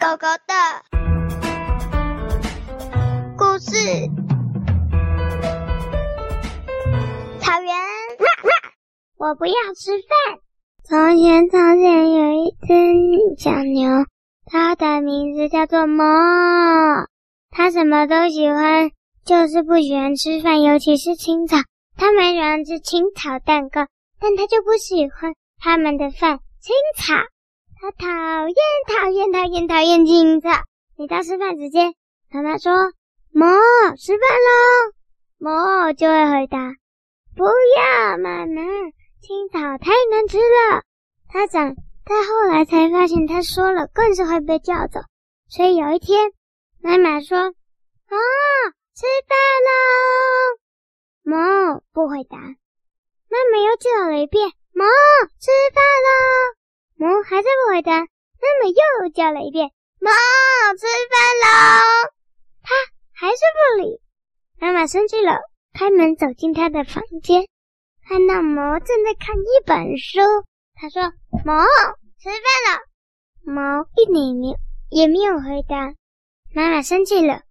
狗狗的故事。草原，啊啊，我不要吃飯。從前，從前有一隻小牛，它的名字叫做貓。它什麼都喜歡，就是不喜歡吃飯，尤其是青草。它們喜歡吃青草蛋糕，但它就不喜歡它們的飯，青草。他討厭討厭討厭討厭青草。每到吃飯時間，媽媽說：“貓，吃飯咯！”貓就會回答：“不要，媽媽，青草太難吃了。”他想，他後來才發現，他說了更是會被叫走。所以有一天，媽媽說：“貓，吃飯咯！”貓不回答。媽媽又叫了一遍：“貓。”回答。媽媽又叫了一遍：“貓，吃飯嘍。”他還是不理。媽媽生氣了，開門走進他的房間，看到貓正在看一本書。他說：“貓，吃飯了。”貓一臉面，也沒有回答。媽媽生氣了，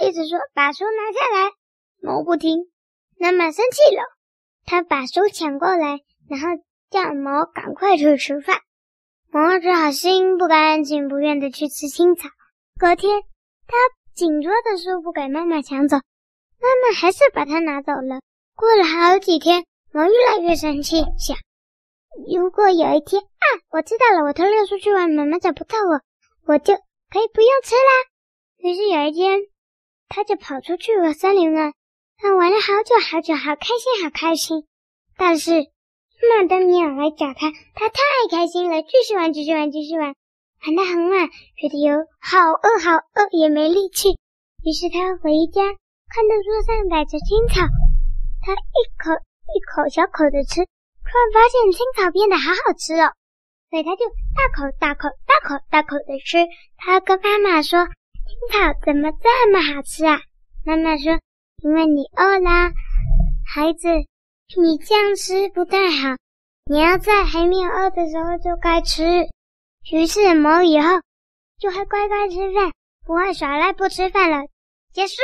一直說：“把書拿下來。”貓不聽。媽媽生氣了，她把書搶過來，然後叫貓趕快去吃飯。毛只好心不甘情不願地去吃青草。隔天，他緊抓著書不給媽媽搶走，媽媽還是把它拿走了。過了好幾天，毛越來越生氣，想：如果有一天啊，我知道了，我偷溜出去玩，媽媽找不到我，我就可以不用吃啦。於是有一天，他就跑出去玩森林了。他玩了好久好久，好開心，好開心。但是，馬德米爾來找他，他太開心了，繼續玩，繼續玩，繼續玩，玩到很晚，覺得有好餓，好餓，也沒力氣。於是他回家，看到桌上擺着青草，他一口一口小口的吃，突然發現青草變得好好吃哦，所以他就大口大口大口大口的吃。他跟媽媽說：“青草怎麼這麼好吃啊？”媽媽說：“因為你餓啦，孩子。”你這樣吃不太好，你要在還沒有餓的時候就該吃。於是某以後就會乖乖吃飯，不會耍賴不吃飯了。結束。